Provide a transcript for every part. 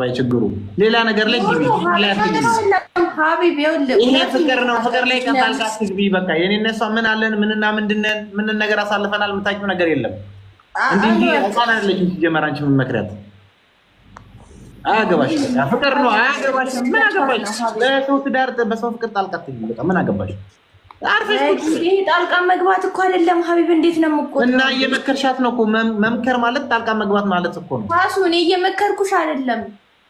ባይ ችግሩ ሌላ ነገር ላይ ይሄ ፍቅር ነው። ፍቅር ላይ ቀጣል ግቢ በቃ የኔ እነሷ ምን አለን ምንና ምንድነን ምን ነገር አሳልፈናል። የምታውቂው ነገር የለም። እንዲህ እንዲህ ህፃን አይደለችም። ሲጀመር አንቺ ምን መክሪያት? አያገባሽ ፍቅር ነው። አያገባሽ ምን አገባሽ? በሰው ትዳር በሰው ፍቅር ጣልቃት ትግቢ በቃ ምን አገባሽ? ጣልቃ መግባት እኮ አይደለም ሀቢብ፣ እንዴት ነው እኮ እና እየመከርሻት ነው እኮ መምከር ማለት ጣልቃ መግባት ማለት እኮ ነው። ራሱ እኔ እየመከርኩሽ አይደለም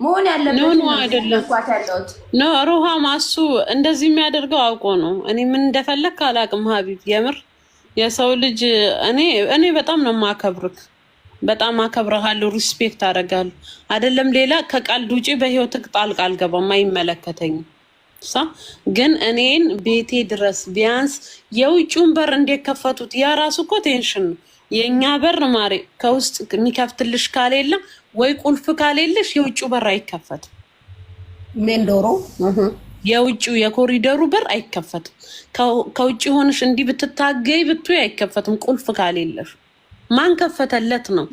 መሆን ያለበት ኖ ሩሃማ ማሱ እንደዚህ የሚያደርገው አውቆ ነው። እኔ ምን እንደፈለግ አላቅም። ሀቢብ የምር የሰው ልጅ እኔ እኔ በጣም ነው የማከብርክ፣ በጣም አከብረሃለሁ፣ ሪስፔክት አደርጋለሁ። አይደለም ሌላ ከቀልድ ውጪ በህይወትህ ጣልቃ አልገባም፣ አይመለከተኝም። ሳ ግን እኔን ቤቴ ድረስ ቢያንስ የውጭውን በር እንደከፈቱት ያ ራሱ እኮ ቴንሽን ነው። የእኛ በር ማሬ ከውስጥ የሚከፍትልሽ ካሌለም ወይ ቁልፍ ካሌለሽ የውጭው በር አይከፈትም። ዶሮ የውጭው የኮሪደሩ በር አይከፈትም። ከውጭ ሆንሽ እንዲህ ብትታገይ ብቱ አይከፈትም ቁልፍ ካሌለሽ። ማን ከፈተለት ነው?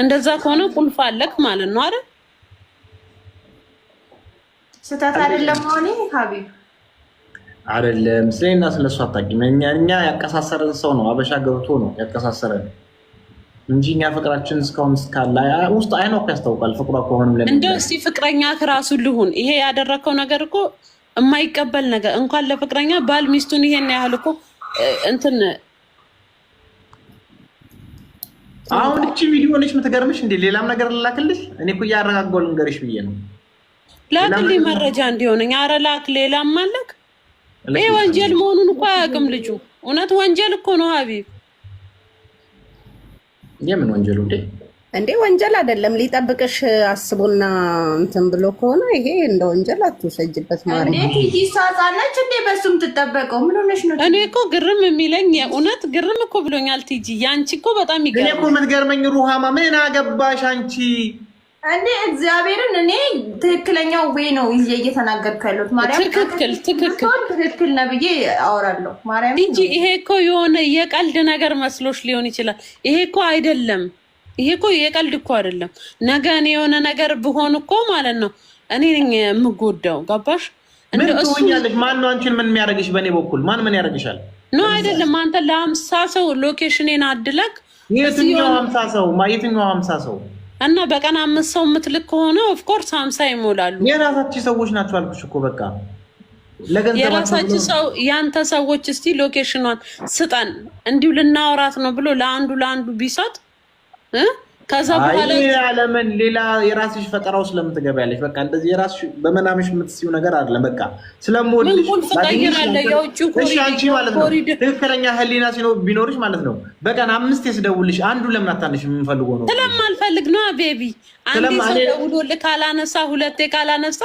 እንደዛ ከሆነ ቁልፍ አለክ ማለት ነው አይደል? ስህተት አይደለም ሆኔ ሀቢብ አይደለም ስለና ስለሱ አታውቂም። እኛ ያቀሳሰረን ሰው ነው አበሻ ገብቶ ነው ያቀሳሰረን እንጂ እኛ ፍቅራችን እስካሁን እስካለ ውስጥ አይኗ ያስታውቃል። ፍቅሯ ከሆንም ለ እንደ እስቲ ፍቅረኛ ክራሱ ልሁን ይሄ ያደረከው ነገር እኮ የማይቀበል ነገር እንኳን ለፍቅረኛ ባል ሚስቱን ይሄን ያህል እኮ እንትን አሁን እቺ ቪዲዮ ነች የምትገርምሽ። እንደ ሌላም ነገር ልላክልሽ እኔ እኮ እያረጋጋሁ ልንገርሽ ብዬ ነው። ላክልኝ መረጃ እንዲሆነኝ። ኧረ ላክ ሌላም አለክ ይሄ ወንጀል መሆኑን እኮ አያውቅም ልጁ። እውነት ወንጀል እኮ ነው ሀቢብ። የምን ወንጀል እንዴ? እንዴ ወንጀል አይደለም። ሊጠብቅሽ አስቦና እንትን ብሎ ከሆነ ይሄ እንደ ወንጀል አትውሰጅበት ማለት ነው። ትሳጻለች እንዴ? በሱም ትጠበቀው ምን ሆነሽ ነው? እኔ እኮ ግርም የሚለኝ እውነት ግርም እኮ ብሎኛል። ቲጂ ያንቺ እኮ በጣም ይገርም እኔ እኮ የምትገርመኝ። ሩሃማ ምን አገባሽ አንቺ እኔ እግዚአብሔርን እኔ ትክክለኛው ወይ ነው ይዤ እየተናገርኩ ያለሁት። ማርያም ትክክል ትክክል ትክክል ነው ብዬ አወራለሁ። ማርያም እንጂ ይሄ እኮ የሆነ የቀልድ ነገር መስሎች ሊሆን ይችላል። ይሄ እኮ አይደለም። ይሄ እኮ የቀልድ እኮ አይደለም። ነገ እኔ የሆነ ነገር ብሆን እኮ ማለት ነው እኔ የምጎዳው ገባሽ? ምን ትሆኛለሽ? ማን ነው አንቺን ምን የሚያደርግሽ? በእኔ በኩል ማን ምን ያደርግሻል? ኖ አይደለም። አንተ ለአምሳ ሰው ሎኬሽኔን አድለግ የትኛው አምሳ ሰው የትኛው አምሳ ሰው እና በቀን አምስት ሰው የምትልክ ከሆነ ኦፍኮርስ ሀምሳ ይሞላሉ። የራሳችን ሰዎች ናቸው አልኩሽ እኮ በቃ የራሳችን ሰው ያንተ ሰዎች እስቲ ሎኬሽኗን ስጠን እንዲሁ ልናወራት ነው ብሎ ለአንዱ ለአንዱ ቢሰጥ ከዛ በኋላ ለምን ሌላ የራስሽ ፈጠራው ስለምትገበያለሽ በቃ እንደዚህ የራስሽ በመናምሽ የምትስዩ ነገር አይደለም። በቃ ስለምወድሽ ማለት ነው። ትክክለኛ ህሊና ቢኖርሽ ማለት ነው። በቀን አምስት የስደውልሽ አንዱ ለምን አታነሽ? የምንፈልገው ነው። ስለማልፈልግ ነው ቤቢ። አንዴ ሰው ደውሎልህ ካላነሳ፣ ሁለቴ ካላነሳ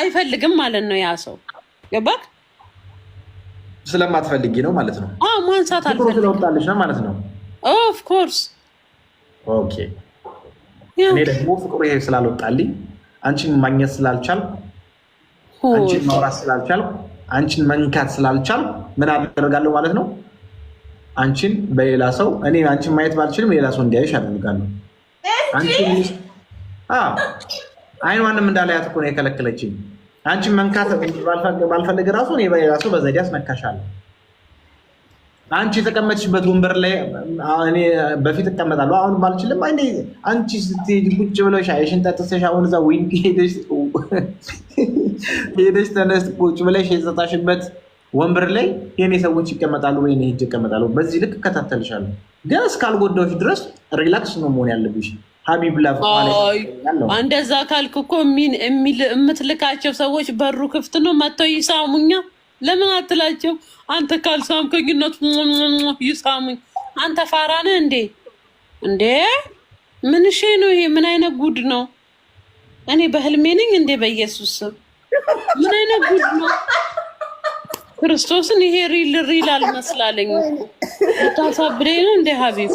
አይፈልግም ማለት ነው ያ ሰው። ገባክ? ስለማትፈልጊ ነው ማለት ነው። ማንሳት አልፈልግም ነው ማለት ነው ኦፍ ኮርስ ኦኬ እኔ ደግሞ ፍቅሩ ይሄ ስላልወጣልኝ አንቺን ማግኘት ስላልቻል አንቺን ማውራት ስላልቻል አንቺን መንካት ስላልቻል ምን አደርጋለሁ ማለት ነው? አንቺን በሌላ ሰው እኔ አንቺን ማየት ባልችልም ሌላ ሰው እንዲያይሽ አደርጋለሁ። አይኗንም እንዳላያት እኮ ነው የከለከለችኝ። አንቺን መንካት ባልፈልግ ራሱ እኔ በሌላ ሰው በዘዴ አስነካሻለሁ። አንቺ የተቀመጥሽበት ወንበር ላይ እኔ በፊት እቀመጣለሁ። አሁን ባልችልም አንዴ አንቺ ስትሄጂ ቁጭ ብለው ሻይሽን ጠጥተሽ አሁን እዛ ዊንድ ሄደሽ ተነስ ቁጭ ብለሽ የተጣሽበት ወንበር ላይ የኔ ሰዎች ይቀመጣሉ ወይ ሄጅ ይቀመጣሉ። በዚህ ልክ እከታተልሻለሁ፣ ግን እስካልጎዳዎች ድረስ ሪላክስ ነው መሆን ያለብሽ። ሀቢብ እንደዛ ካልክ እኮ የምትልካቸው ሰዎች በሩ ክፍት ነው መጥተው ይሳሙኛ ለምን አትላቸው? አንተ ካልሳምከኝ እነቱ ይሳሙኝ። አንተ ፋራ ነህ እንዴ? እንዴ ሽ ነው ይሄ? ምን አይነት ጉድ ነው? እኔ በህልሜ ነኝ እንዴ? በኢየሱስ ስም ምን አይነት ጉድ ነው? ክርስቶስን ይሄ ሪል ሪል አልመስላለኝ። ታሳብደኝ ነው እንዴ? ሀቢብ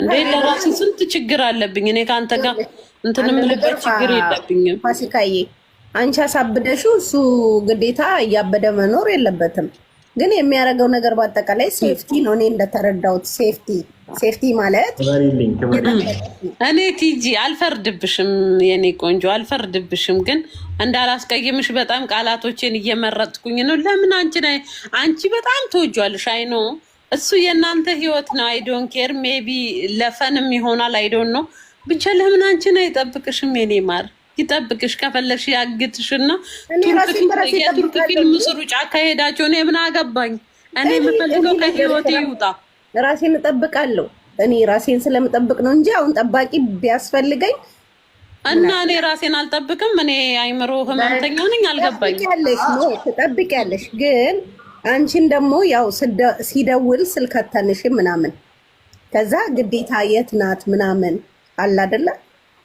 እንዴ ለራሴ ስንት ችግር አለብኝ እኔ። ከአንተ ጋር እንትን የምልበት ችግር የለብኝም። ፋሲካዬ አንቺ አሳብደሽው እሱ ግዴታ እያበደ መኖር የለበትም። ግን የሚያደርገው ነገር በአጠቃላይ ሴፍቲ ነው። እኔ እንደተረዳሁት ሴፍቲ ሴፍቲ ማለት እኔ ቲጂ አልፈርድብሽም፣ የኔ ቆንጆ አልፈርድብሽም። ግን እንዳላስቀይምሽ በጣም ቃላቶችን እየመረጥኩኝ ነው። ለምን ነ አንቺ በጣም ትወጇልሽ። አይኖ እሱ የእናንተ ህይወት ነው። አይዶን ኬር ሜቢ ለፈንም ይሆናል። አይዶን ነው ብቻ። ለምን ነ አይጠብቅሽም የኔ ማር ይጠብቅሽ ከፈለግሽ ያግትሽና ቱርክ ፊልም ስሩ፣ ጫካ ሄዳቸው። እኔ ምን አገባኝ? እኔ የምፈልገው ከህይወቴ ይውጣ። ራሴን እጠብቃለሁ። እኔ ራሴን ስለምጠብቅ ነው እንጂ አሁን ጠባቂ ቢያስፈልገኝ እና እኔ ራሴን አልጠብቅም። እኔ አይምሮ ህመምተኛ ነኝ። አልገባኝ። ትጠብቂያለሽ፣ ግን አንቺን ደግሞ ያው ሲደውል ስልክ አታነሺም ምናምን፣ ከዛ ግዴታ የት ናት ምናምን አላደለ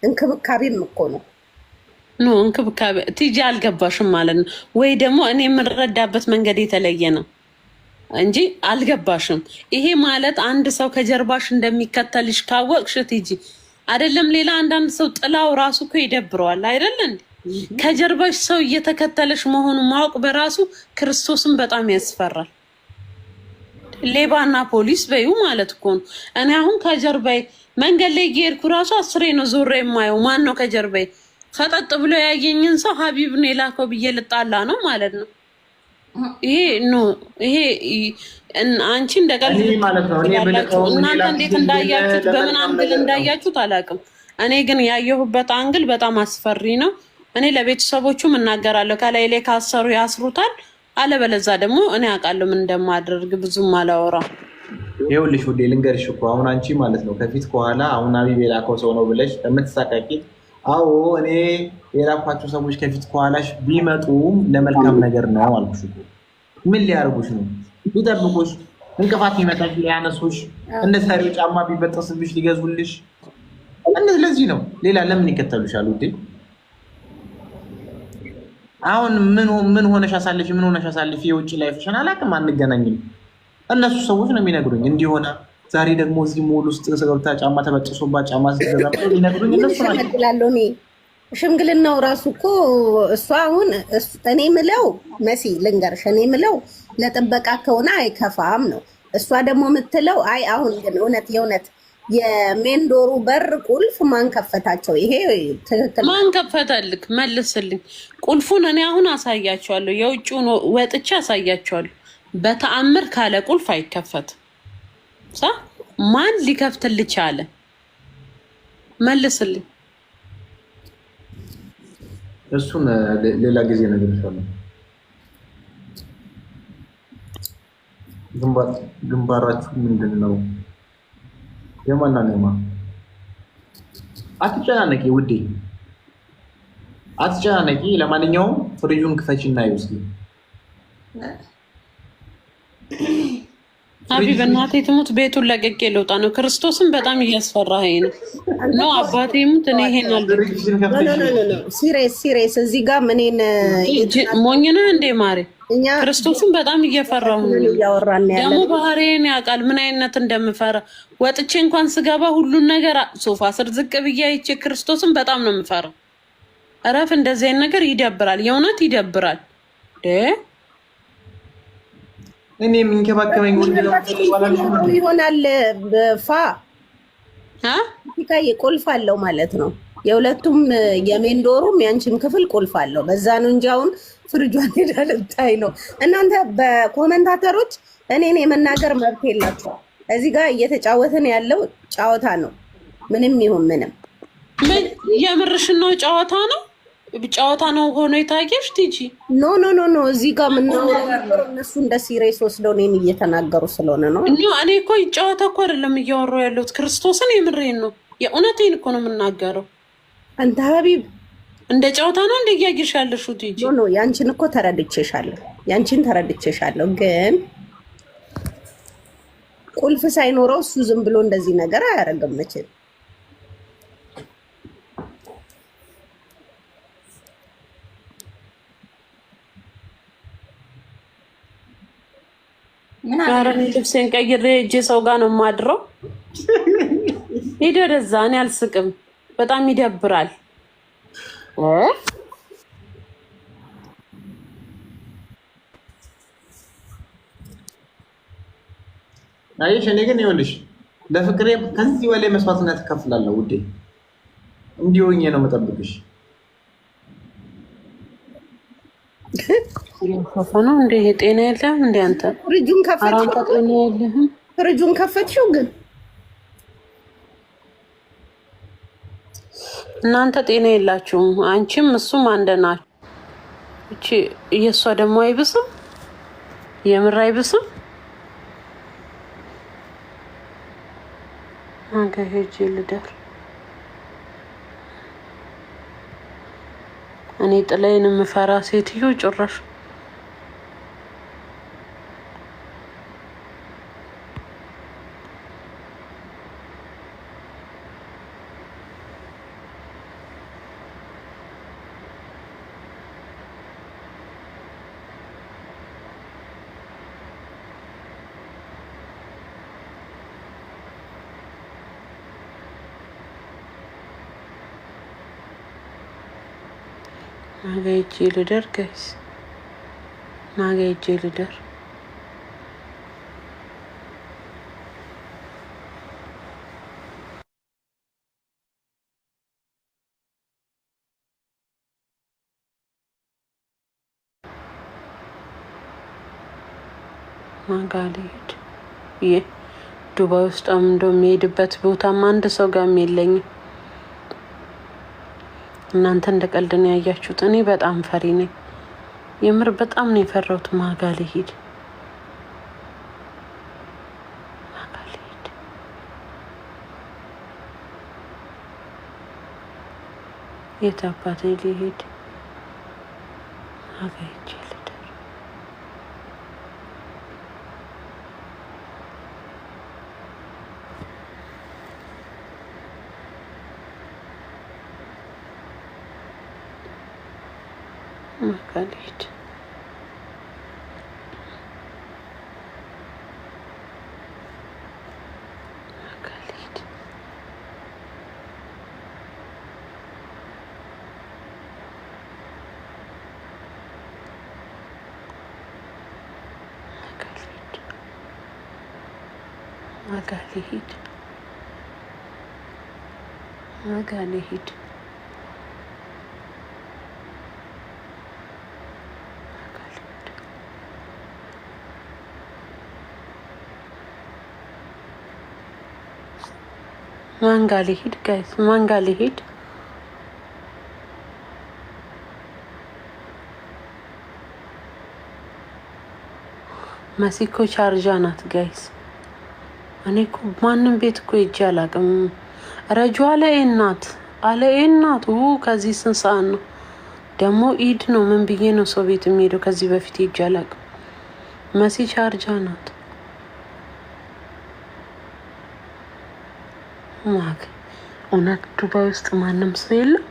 እንክብካቤም እኮ ነው ኖ እንክብካቤ ቲጂ አልገባሽም ማለት ነው ወይ ደግሞ እኔ የምንረዳበት መንገድ የተለየ ነው እንጂ አልገባሽም። ይሄ ማለት አንድ ሰው ከጀርባሽ እንደሚከተልሽ ካወቅሽ ቲጂ አይደለም ሌላ አንዳንድ ሰው ጥላው ራሱ እኮ ይደብረዋል አይደለ ከጀርባሽ ሰው እየተከተለሽ መሆኑ ማወቅ በራሱ ክርስቶስን በጣም ያስፈራል። ሌባና ፖሊስ በዩ ማለት እኮ ነው። እኔ አሁን ከጀርባዬ መንገድ ላይ እየሄድኩ ራሱ አስሬ ነው ዞሬ የማየው ማን ነው ከጀርባዬ ፈጠጥ ብሎ ያገኘን ሰው ሀቢብ ነው የላከው ብዬ ልጣላ ነው ማለት ነው። ይሄ ኖ ይሄ አንቺ እንደቀል እናንተ እንዴት እንዳያችሁት በምን አንግል እንዳያችሁት አላውቅም። እኔ ግን ያየሁበት አንግል በጣም አስፈሪ ነው። እኔ ለቤተሰቦቹም እናገራለሁ። ከላይ ላይ ካሰሩ ያስሩታል፣ አለበለዛ ደግሞ እኔ አውቃለሁ ምን እንደማደርግ። ብዙም አላወራ ይኸውልሽ፣ ውዴ ልንገርሽ እኮ አሁን አንቺ ማለት ነው ከፊት ከኋላ አሁን ሀቢብ የላከው ሰው ነው ብለሽ የምትሳቃቂት አዎ እኔ የላኳቸው ሰዎች ከፊት ከኋላሽ ቢመጡም ለመልካም ነገር ነው አልኩሽ። ምን ሊያደርጉሽ ነው? ሊጠብቁሽ፣ እንቅፋት ሊመጣሽ፣ ሊያነሱሽ፣ እንደ ሰሪው ጫማ ቢበጠስብሽ ሊገዙልሽ። ለዚህ ነው። ሌላ ለምን ይከተሉሻል? ውዴ አሁን ምን ሆነሽ አሳልፊ፣ ምን ሆነሽ አሳልፊ፣ የውጭ ላይፍሽን አላውቅም፣ አንገናኝም። እነሱ ሰዎች ነው የሚነግሩኝ እንዲሆነ ዛሬ ደግሞ እዚህ ሞል ውስጥ ገብታ ጫማ ተበጥሶባት ጫማ ስትገዛ ሊነግሩኝ እነሱ ናቸው። ሽምግልናው ራሱ እኮ እሷ አሁን እኔ ምለው መሲ ልንገርሽ፣ እኔ ምለው ለጥበቃ ከሆነ አይከፋም ነው። እሷ ደግሞ የምትለው አይ አሁን ግን እውነት የእውነት የሜንዶሩ በር ቁልፍ ማን ከፈታቸው? ይሄ ትክክል ማን ከፈተልክ? መልስልኝ። ቁልፉን እኔ አሁን አሳያቸዋለሁ። የውጭውን ወጥቼ አሳያቸዋለሁ። በተአምር ካለ ቁልፍ አይከፈትም። ሳ ማን ሊከፍትል ቻለ? መልስልኝ። እሱን ሌላ ጊዜ ነገር ይሻለ። ግንባራችሁ ምንድን ነው? የማና ነው? አትጨናነቂ ውዴ፣ አትጨናነቂ። ለማንኛውም ፍሪጁን ክፈች ክፈችና ይውስድ አቢ በእናቴ ትሙት ቤቱን ለቅቄ ልውጣ ነው። ክርስቶስን በጣም እያስፈራኸኝ ነው። ኖ አባቴ ሙት እኔ ይሄን አለ ሲሬስ ሲሬስ እዚህ ጋር ምኔን ሞኝነ እንዴ ማሬ ክርስቶስን በጣም እየፈራሁ ደግሞ ባህሬን ያውቃል ምን አይነት እንደምፈራ ወጥቼ እንኳን ስገባ ሁሉን ነገር ሶፋ ስር ዝቅ ብዬ አይቼ ክርስቶስን በጣም ነው የምፈራው። እረፍ እንደዚህ አይነት ነገር ይደብራል፣ የእውነት ይደብራል። እኔ የሚንከባከበኝ ይሆናል። ፋ ቁልፍ አለው ማለት ነው። የሁለቱም የሜንዶሩም ያንቺም ክፍል ቁልፍ አለው። በዛ ነው እንጂ አሁን ፍርጇን ሄዳ ልታይ ነው። እናንተ በኮመንታተሮች እኔን የመናገር መብት የላቸው። እዚህ ጋር እየተጫወትን ያለው ጨዋታ ነው። ምንም ይሁን ምንም፣ የምርሽን ነው ጨዋታ ነው። ጨዋታ ነው ሆኖ የታየሽ ቲጂ? ኖ ኖ ኖ ኖ እዚህ ጋር የምናወራው እነሱ እንደ ሲሬስ ወስደው እኔን እየተናገሩ ስለሆነ ነው። እኔ እኮ ጨዋታ እኮ አይደለም እያወራሁ ያለሁት ክርስቶስን፣ የምሬን ነው፣ የእውነቴን እኮ ነው የምናገረው። አንተ ሀቢብ እንደ ጨዋታ ነው እንደ እያየሽ ያለሽው ቲጂ? ኖ ያንቺን እኮ ተረድቼሻለሁ፣ ያንቺን ተረድቼሻለሁ። ግን ቁልፍ ሳይኖረው እሱ ዝም ብሎ እንደዚህ ነገር አያደርግም መቼም ኧረ ልብሴን ቀይሬ እጄ ሰው ጋር ነው የማድረው። ሂድ ወደዛ። እኔ አልስቅም። በጣም ይደብራል። አየሽ፣ እኔ ግን ይኸውልሽ ለፍቅሬ ከዚህ በላይ መስዋዕትነት እከፍላለሁ ውዴ። እንዲህ ሆኜ ነው የምጠብቅሽ። ሶፋ ነው እንደ ይሄ ጤና የለህም እንደ አንተ ከፈትሽው ጤና የለህም ከፈትሽው ግን እናንተ ጤና የላችሁም አንቺም እሱም አንደ ናችሁ እቺ እየሷ ደግሞ አይብስም የምር አይብስም ነገ ሄጄ ልደር እኔ ጥላይን የምፈራ ሴትዮ ጭራሽ ነገ ሂጄ ልደር ጋይስ፣ ነገ ሂጄ ልደር። ነገ አልሄድ ይህ ዱባይ ውስጥ እንደው የሚሄድበት ቦታም አንድ ሰው ጋርም የለኝም። እናንተ እንደ ቀልድ ነው ያያችሁት። እኔ በጣም ፈሪ ነኝ። የምር በጣም ነው የፈራሁት። ማጋ ልሂድ የት አባቴ ልሂድ ማጋ مكان هيك ما قال يهيد ما قال يهيد ማንጋ ሊሄድ ጋይስ ማንጋ ሊሄድ መሲኮ ቻርጃ ናት ጋይስ። እኔ እኮ ማንም ቤት እኮ ሄጄ አላውቅም። ረጁ አለኤ ናት አለኤ ናት። ከዚህ ስንት ሰዓት ነው ደግሞ? ኢድ ነው ምን ብዬ ነው ሰው ቤት የሚሄደው? ከዚህ በፊት ሄጄ አላውቅም። መሲ ቻርጃ ናት። ማግ እውነት ዱባይ ውስጥ ማንም ሰው የለም።